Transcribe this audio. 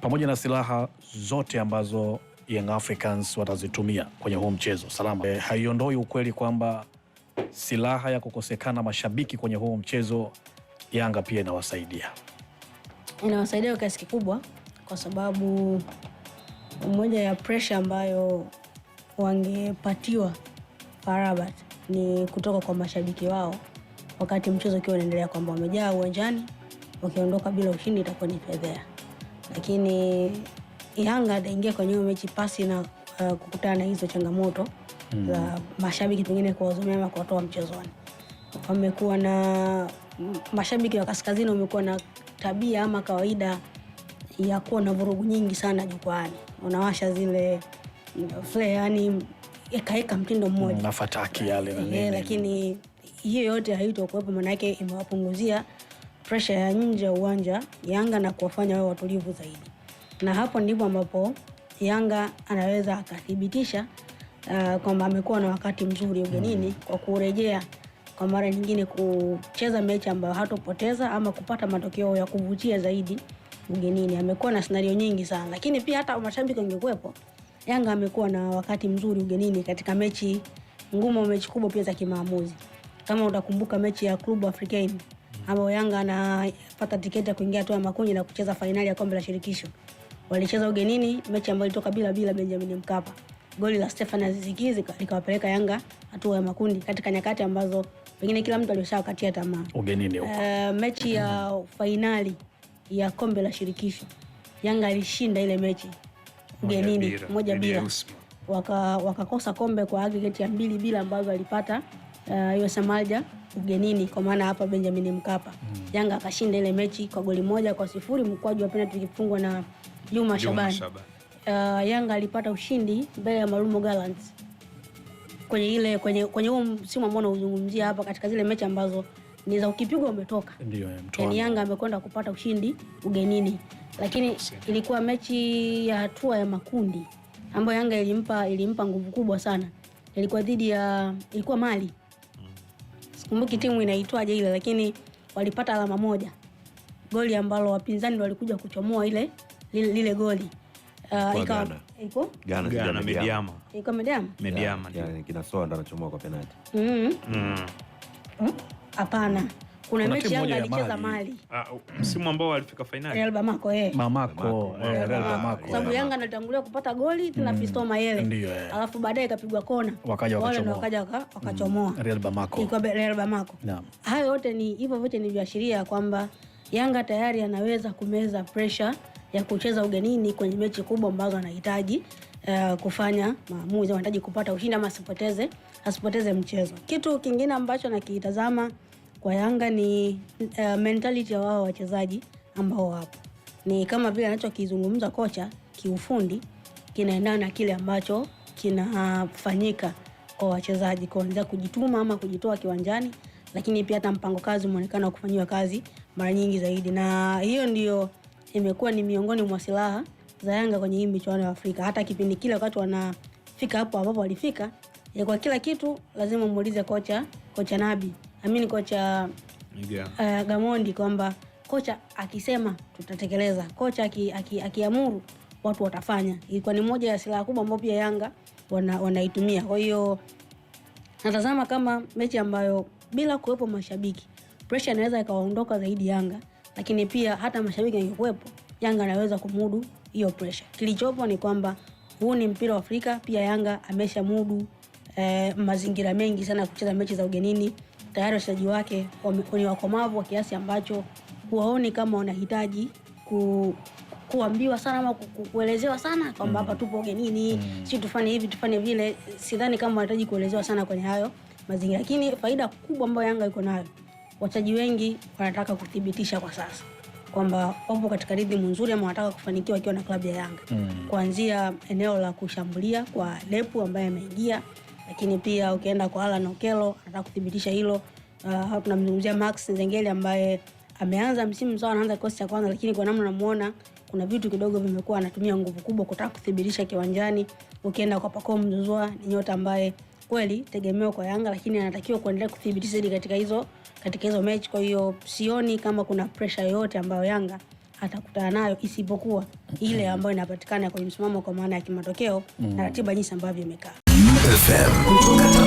pamoja na silaha zote ambazo Young Africans watazitumia kwenye huu mchezo salama. E, haiondoi ukweli kwamba silaha ya kukosekana mashabiki kwenye huu mchezo Yanga pia inawasaidia, inawasaidia kwa kiasi kikubwa, kwa sababu moja ya presha ambayo wangepatiwa Farabat ni kutoka kwa mashabiki wao, wakati mchezo ukiwa unaendelea, kwamba wamejaa uwanjani, wakiondoka bila ushindi itakuwa ni fedhea lakini Yanga ataingia kwenye hiyo mechi pasi na uh, kukutana na hizo changamoto mm. za mashabiki pengine kuwazomea ama kuwatoa mchezoni. Wamekuwa na mashabiki wa kaskazini wamekuwa na tabia ama kawaida ya kuwa na vurugu nyingi sana jukwaani, unawasha zile mm, flare, yani ekaeka mtindo mmoja, nafataki yale, eh, lakini hiyo yote haitokuwepo, maana yake imewapunguzia presha ya nje ya uwanja Yanga na kuwafanya wao watulivu zaidi, na hapo ndipo ambapo Yanga anaweza akathibitisha uh, kwamba amekuwa na wakati mzuri ugenini kwa kurejea kwa mara nyingine kucheza mechi ambayo hatopoteza ama kupata matokeo ya kuvutia zaidi ugenini. Amekuwa na scenario nyingi sana, lakini pia hata mashabiki wangekuwepo, Yanga amekuwa na wakati mzuri ugenini katika mechi ngumu, mechi kubwa pia za kimaamuzi. Kama utakumbuka mechi ya Club Africain ambao Yanga anapata tiketi ya kuingia hatua ya makundi na kucheza fainali ya kombe la shirikisho. Walicheza ugenini, mechi ambayo ilitoka bila bila Benjamin Mkapa. Goli la Stefan Azizikizi likawapeleka Yanga hatua ya makundi katika nyakati ambazo pengine kila mtu katia tamaa. Ugenini huko. Uh, mechi ya fainali ya kombe la shirikisho Yanga alishinda ile mechi ugenini moja bila, waka wakakosa kombe kwa aggregate ya mbili bila ambazo alipata hiyo uh, Samalja ugenini kwa maana hapa Benjamin Mkapa mm. Yanga akashinda ile mechi kwa goli moja kwa sifuri mkwaju wa penalti tukifungwa na Juma Shabani. Uh, Yanga alipata ushindi mbele ya Marumo Gallants kwenye ile kwenye kwenye huo msimu ambao unazungumzia hapa, katika zile mechi ambazo ni za ukipigwa umetoka, ndio yani Yanga amekwenda kupata ushindi ugenini, lakini ilikuwa mechi ya hatua ya makundi ambayo Yanga ilimpa ilimpa nguvu kubwa sana, ilikuwa dhidi ya ilikuwa Mali Kumbuki timu inaitwaje ile, lakini walipata alama moja, goli ambalo wapinzani walikuja kuchomoa ile lile, lile goli uh, mm-hmm. mm. Hmm? hapana mm kuna mechi Yanga alicheza Mali ah, msimu ambao alifika finali Real Bamako, eh Bamako, eh, Real Bamako, sababu Yanga anatangulia kupata goli na mm. Fiston Mayele, eh. alafu baadaye kapigwa kona, wakaja wakachomoa wakaja mm. wakachomoa Real Bamako, ilikuwa Real Bamako. Naam, Hayo yote ni hivyo, vyote ni viashiria kwamba Yanga tayari anaweza kumeza pressure ya kucheza ugenini kwenye mechi kubwa ambazo anahitaji uh, kufanya maamuzi, anahitaji kupata ushindi ama asipoteze asipoteze mchezo. Kitu kingine ambacho nakitazama kwa Yanga ni uh, mentality ya wao wachezaji ambao wapo ni kama vile anachokizungumza kocha, kiufundi kinaendana na kile ambacho kinafanyika kwa wachezaji kuanzia kujituma ama kujitoa kiwanjani, lakini pia hata mpango kazi umeonekana wa kufanyiwa kazi mara nyingi zaidi, na hiyo ndio imekuwa ni miongoni mwa silaha za Yanga kwenye hii michuano ya Afrika. Hata kipindi kile wakati wanafika hapo ambapo walifika, kwa kila kitu lazima muulize kocha, kocha Nabi amini kocha yeah. Uh, Gamondi kwamba kocha akisema tutatekeleza, kocha akiamuru aki, aki watu watafanya. Ilikuwa ni moja ya silaha kubwa ambao pia Yanga wana, wanaitumia. Kwa hiyo natazama kama mechi ambayo bila kuwepo mashabiki pressure inaweza ikawaondoka zaidi Yanga, lakini pia hata mashabiki angekuwepo Yanga anaweza kumudu hiyo pressure. Kilichopo ni kwamba huu ni mpira wa Afrika, pia Yanga mudu eh, mazingira mengi sana ya kucheza mechi za ugenini tayari wachezaji wake ni wakomavu kwa kiasi ambacho huwaoni kama wanahitaji ku, kuambiwa sana ama kuelezewa sana kwamba hapa mm. tupo ugenini mm. si tufanye hivi tufanye vile. Sidhani kama wanahitaji kuelezewa sana kwenye hayo mazingira, lakini faida kubwa ambayo Yanga iko nayo, wachezaji wengi wanataka kuthibitisha kwa sasa kwamba wapo katika ridhimu nzuri ama wanataka kufanikiwa wakiwa na klabu ya Yanga mm. kuanzia eneo la kushambulia kwa Lepu ambaye ameingia lakini pia ukienda kwa Alan Okello anataka kuthibitisha hilo. Uh, ah, hapa tunamzungumzia Max Zengeli ambaye ameanza msimu sawa, anaanza kikosi cha kwanza, lakini kwa namna namuona kuna vitu kidogo vimekuwa anatumia nguvu kubwa kutaka kuthibitisha kiwanjani. Ukienda kwa Pacome Zouzoua ni nyota ambaye kweli tegemeo kwa Yanga, lakini anatakiwa kuendelea kuthibitisha zaidi katika hizo katika hizo mechi. Kwa hiyo sioni kama kuna pressure yoyote ambayo Yanga atakutana nayo isipokuwa ile ambayo inapatikana kwenye msimamo, kwa maana ya kimatokeo mm, na ratiba jinsi ambavyo imekaa. FM.